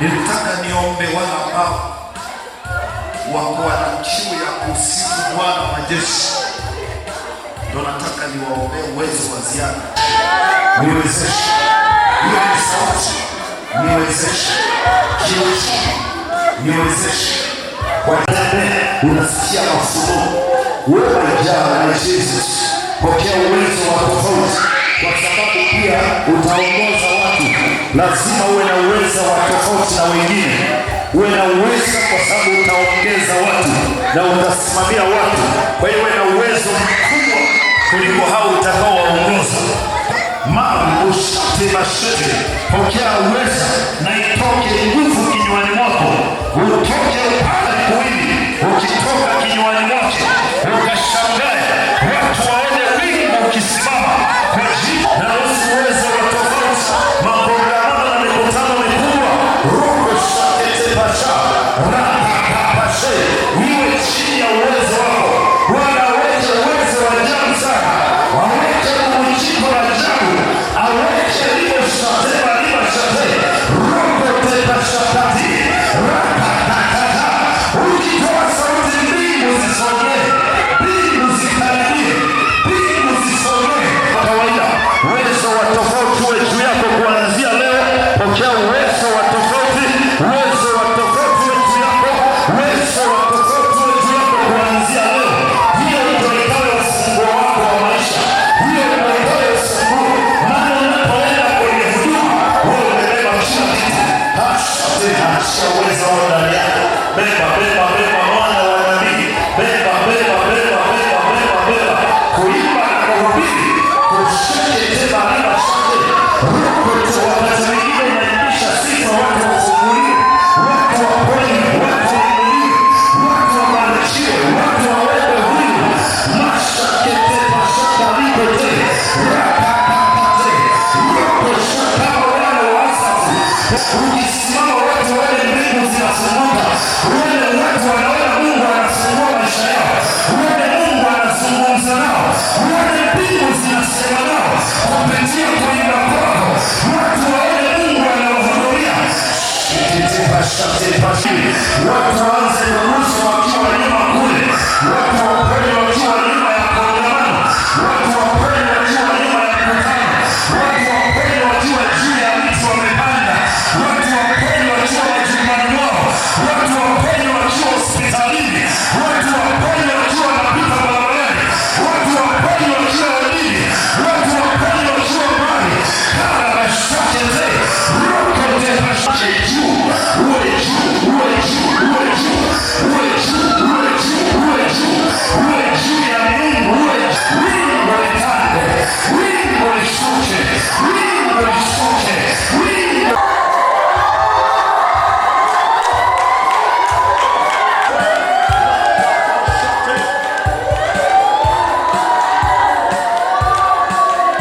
Nilitaka niombe wale ambao wako na kiu ya kusifu Bwana majeshi, ndio nataka niwaombe uwezo wa ziada. Niwezeshe hiyo ni sauti, niwezeshe kiuchumi, niwezeshe watende. Unasikia masuruhu wewe, jana na Jesus, pokea uwezo wa tofauti, kwa sababu pia utaomba lazima uwe na uwezo wa tofauti na wengine, uwe na uwezo kwa sababu utaongeza watu na utasimamia watu. Kwa hiyo uwe na uwezo mkubwa kuliko hao utakaowaongoza. Marushate mashete, pokea uwezo Yes.